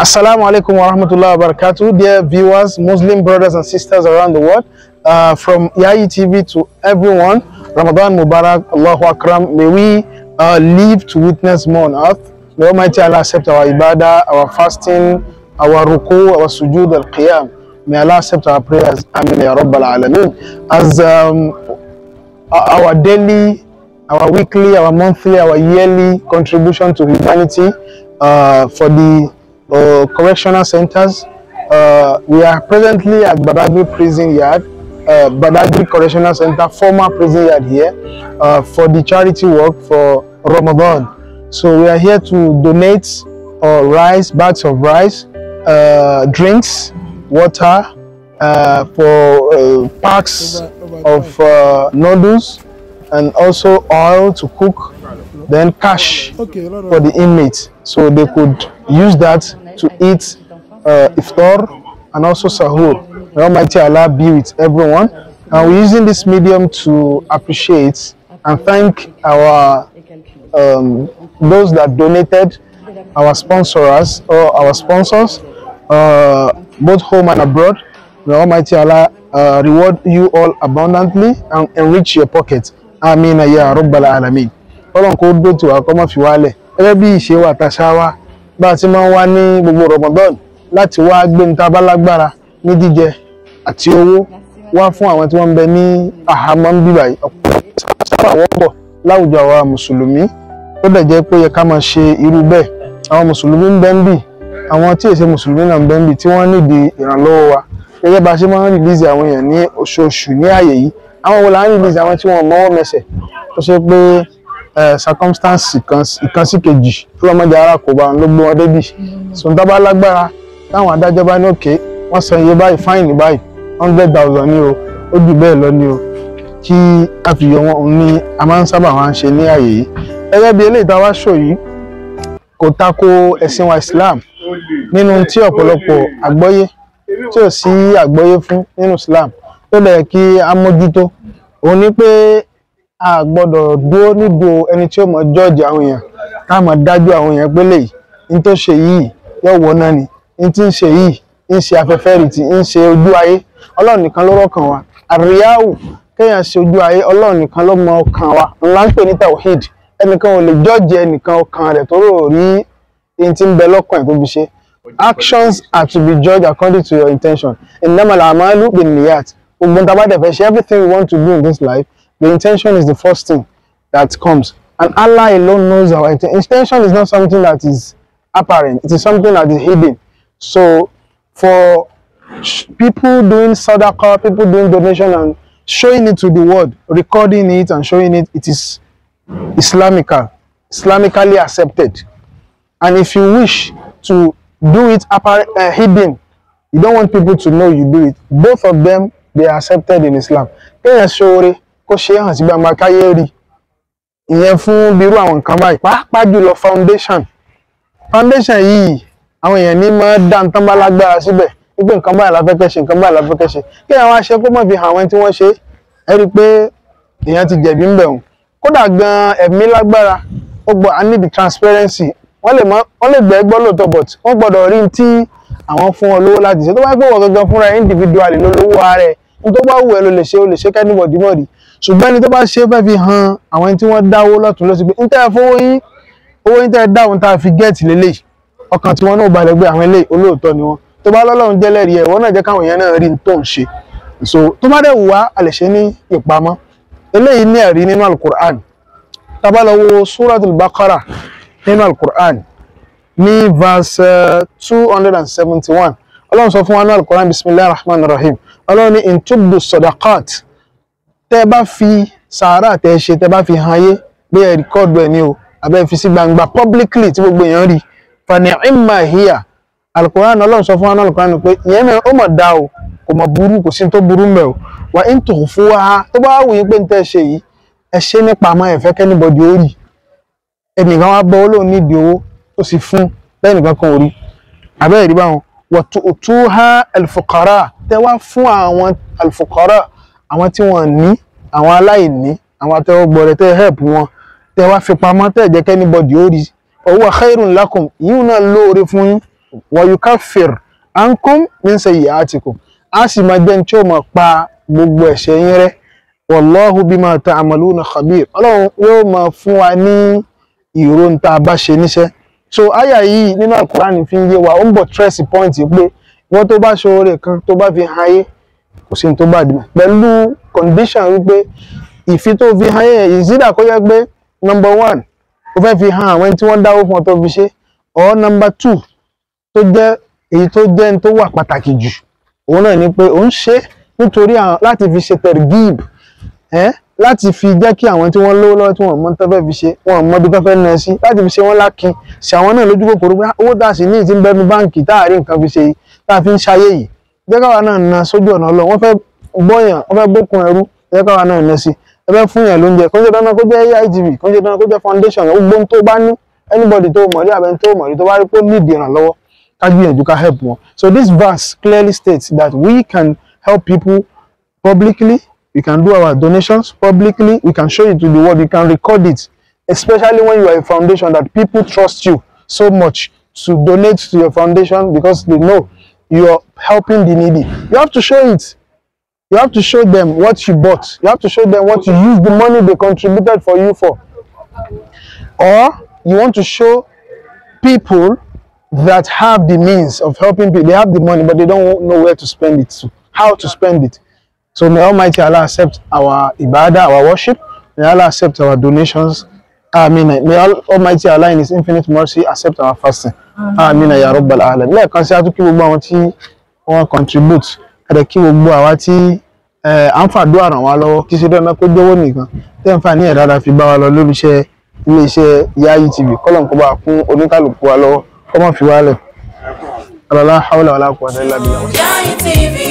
Assalamu alaikum wa rahmatullahi wa barakatuh. Dear viewers, Muslim brothers and sisters around the world, uh, from Yayi TV to everyone, Ramadan Mubarak, Allahu Akram. May we uh, live to witness more on earth. May Almighty Allah accept our ibadah, our fasting, our ruku, our sujud al qiyam. May Allah accept our prayers. Amin ya Rabbal Alameen. As um, our daily, our weekly, our monthly, our yearly contribution to humanity uh, for the uh, correctional centers. Uh, we are presently at Badagri Prison Yard, uh, Correctional Center, former prison yard here, uh, for the charity work for Ramadan. So we are here to donate uh, rice, bags of rice, uh, drinks, water, uh, for uh, packs of noodles, and also oil to cook then cash okay, for the inmates. So they could use that to eat uh, iftar and also sahur. May Almighty Allah be with everyone. And we're using this medium to appreciate and thank our um, those that donated, our sponsors or our sponsors, uh, both home and abroad. May Almighty Allah uh, reward you all abundantly and enrich your pockets. Amina ya Rabbal Alameen. ọlọ́run kó dó tiwa kó má fi wálẹ̀ gẹ́gẹ́ bí ìṣe wa tàṣà wa bá a ti máa ń wá ní gbogbo rọ̀mọ̀dọ́n láti wá gbé ní tabálágbára ní jíjẹ àti owó wá fún àwọn tí wọ́n ń bẹ ní àhámọ́ ń bíbà yìí ọ̀pọ̀ sábà wọ́pọ̀ láwùjọ àwa mùsùlùmí ó dẹ̀ jẹ́ pé yẹ ká máa ṣe irú bẹ́ẹ̀ àwọn mùsùlùmí ń bẹ àwọn tí èsè mùsùlùmí náà ń bẹ tí wọ́n nídìí ìrànlọ́wọ́ wa gẹ́gẹ́ bá a ṣe máa ń rìlíìsì àwọn èèyàn ní oṣooṣù ní àyè yìí àwọn wo là ń rìlíìsì àwọn tí wọ́n mọ́wọ́ mẹsẹ̀ tó ṣe pé circumstance ìkànsí kejì fúlọ́mọdé ara kò bá ló gbé wọn débi sọ̀ńtàbá lágbára táwọn adájọ́ bá ní òkè wọ́n san iye báyìí fáìnì báyìí hundred thousand ni o ó jù bẹ́ẹ̀ lọ ni o kí a fi yọ wọn òun ni a máa ń sábà máa ń ṣe ní àyè yìí gẹ́gẹ́ bí eléyìí tá a wá ṣò yìí kò tako ẹ̀sìn wa Islam nínú tí ọ̀pọ̀lọpọ̀ àgbọ́yé tí ò sí àgbọ́yé fún nínú Islam tó lẹ̀ kí a mójútó òun ni pé a gbọ́dọ̀ dúró níbo ẹni tí ó mọ jọ́ọ̀jì àwọn èèyàn tá a dájú àwọn èèyàn pé lèyí ní tó ṣe yìí yóò wọ náà ni ní tí ń ṣe yìí ń ṣe afẹ́fẹ́ rìtì ń ṣe ojú ayé ọlọ́run nìkan ló rọ̀kàn wa àríyáwò kéèyàn ṣe ojú ayé ọlọ́run nìkan ló mọ ọkàn wa ńlá ń pè ní tawhid ẹnìkan ò lè jọ́ọ̀jì ẹnìkan ọkàn rẹ̀ tó rò rí ẹni tí ń bẹ lọ́kàn ẹ̀ tó fi ṣe actions are to be judged according to your intention innamal amalu bin niyat gbogbo tá a bá dẹ̀ fẹ́ ṣe everything we want to do in this life The intention is the first thing that comes. And Allah alone knows our intention. Intention is not something that is apparent. It is something that is hidden. So for people doing sadaqah, people doing donation and showing it to the world, recording it and showing it, it is Islamical, Islamically accepted. And if you wish to do it uh, hidden, you don't want people to know you do it. Both of them, they are accepted in Islam. Kenya kó ṣe é hàn sí gbangba káyé rí ìyẹn fún bírú àwọn nǹkan báyìí pàápàá jùlọ foundation foundation yìí àwọn èèyàn ní máa dá nǹkan bá lágbára síbẹ̀ wípé nǹkan báyìí la fẹ́ kẹ́ ṣe nǹkan báyìí la fẹ́ kẹ́ ṣe kí àwọn aṣẹ kó má fi hàn àwọn tí wọ́n ṣe é rí i pé èèyàn ti jẹ̀bi ń bẹ̀ wọ́n kódà gan-an ẹ̀mí lágbára ó gbọ́ i need transparency wọ́n lè gbẹ́ gbọ́ lóòótọ́ but wọ́n gbọ́dọ̀ rí tí àwọn fún wọn lówó láti ṣe tó bá gbé wọ́n gangan fúnra individual ló lówó ara ẹ̀ ní tó wù ẹ́ ló lè ṣe ó lè ṣe kẹ́nìbọ̀dìmọ̀dì ṣùgbọ́n ẹni tó bá ṣe fẹ́ fi han àwọn ẹni tí wọ́n dáwó lọ́tún lọ́sí pé níta fowó yín owó yín tẹ́ dáhùn tá a fi gẹ́ẹ̀tì lélẹ̀ ọkàn tí wọ́n náà balẹ̀ gbé àwọn eléyìí olóòótọ́ ni wọ́n tó bá lọ́lọ́run jẹ́lẹ̀rí ẹ̀ wọ́n náà jẹ́ káwọn èèyàn náà rí tó ń ṣe so tó bá dẹ̀ wá a lè ṣe ní ìpamọ́ eléyìí ní ẹ̀rí nínú alukur'an tá bá lọ wo suratul bakara nínú alukur'an ní verse eh, two hundred and seventy one ọlọ́run sọ fún wa ní alukur'an bisimilahi rahman rahim ọlọ́run ní intubdu sadaqat tẹ́ ẹ bá fi sàárà tẹ́ ẹ ṣe tẹ́ ẹ bá fi hàn ayé pé ẹ rìkọ́ọ̀dù ẹ̀ ní o àbẹ́ fi sí gbangba publicly tí gbogbo èèyàn rí fani imma hiya alukoran ọlọ́run sọ fún wa náà alukoran pé ìyẹn mẹ́rin ó mọ̀ dá o kò mọ̀ burú kò sí tó burú mẹ́ o wà ń tò fún wa tó bá wù yín pé n tẹ́ ṣe yìí ẹ ṣe nípa àmọ́ ẹ̀fẹ́ kẹ́nìbọ̀dì ó rì ẹnìkan wá bọ́ olóhùn nídìí owó ó sì fún lẹ́nìkan kan ò rí àbẹ́ ìrí báwọn wọ̀tú ha alfukara tẹ́ wá fún àwọn alfukara àwọn tí wọ́n ní àwọn aláìní àwọn àtẹwọ́gbọ̀rẹ̀ tẹ́ help wọn tẹ́ wá fi pamọ́ tẹ́ jẹ́ kẹ́ anybody ó owó khairun lakum yíò náà lóore fún yín wa yukaffir ankum min sayyi'atikum a sì máa jẹ́ tí ó máa pa gbogbo ẹ̀ṣẹ̀ yín rẹ́ wallahu bima ta'maluna khabir ọlọ́run yóò máa fún wa ní ìró ta bá ṣe níṣẹ́ so àyà yìí nínú al fi ń yé wa ó ń bọ̀ tírẹ́sì pọ́ìntì pé wọ́n tó bá ṣoore kan tó bá fi hàn yín kò sí ní tó bá dìbò pẹ̀lú condition wípé ìfi tó fi hàn yẹn ìsídà kó jẹ́ pé number one ó fẹ́ fi hàn àwọn ẹni tí wọ́n dáwó fún ọ tó fi ṣe or number two tó jẹ́ èyí tó jẹ́ ní tó wà pàtàkì jù òun náà ni pé òun ṣe nítorí láti fi ṣe tẹ̀rgíb láti fi jẹ́ kí àwọn tí wọ́n lówó lọ́wọ́ tí wọ́n mọ tó fẹ́ fi ṣe wọ́n mọ bí tó fẹ́ nà sí láti fi ṣe wọ́n lákin ṣe àwọn náà lójú kòkòrò pé ah, owó tá a sì ní ìsínbẹ́nu báǹkì tá a rí nǹkan fi ṣe tá a fi ń ṣayé yìí jẹ́ káwa náà na sójú ọ̀nà ọlọ́run wọ́n fẹ́ bọ́yàn wọ́n fẹ́ bókun ẹrú jẹ́ káwa náà na sí ẹ fẹ́ fún yàn lóúnjẹ kó ń ṣe dandan kó jẹ́ aigb kó ń ṣe kó jẹ́ foundation yẹn gbogbo tó bá ní anybody tó mọ̀ rí abẹ́ni tó mọ̀ rí tó bá rí pé ó need ìrànlọ́wọ́ ká gbìyànjú ká help wọn so this verse clearly states that we can help people publicly we can do our donations publicly we can show it to the world we can record it especially when you are a foundation that people trust you so much to donate to your foundation because they know you're helping the needy. You have to show it. You have to show them what you bought. You have to show them what you used the money they contributed for you for. Or you want to show people that have the means of helping people. They have the money, but they don't know where to spend it, to, how to spend it. So may Almighty Allah accept our ibadah, our worship. May Allah accept our donations amina may all almighty allah in his infinite mercy accept our fasting amina ya rabbal alamin lẹ́ẹ̀kan sí atúkí gbogbo àwọn tí wọ́n contribute ẹ̀rẹ̀ kí gbogbo àwa tí eh, à ń fàdúrà ràn wá lọ́wọ́ kí ṣe dáná kó jọ̀wọ́ nìkan tẹ́ ń fà ní ẹ̀rọ fi bá wa lọ lóríṣẹ́ iléeṣẹ́ Yayi e TV kọ́lọ̀ kó bá a fún oníkàlùkù wa lọ́wọ́ kọ́mọ̀ fi wálẹ̀ ọ̀lọ́lá haúlà wàlá kùwàtà illa billah. Yayi e TV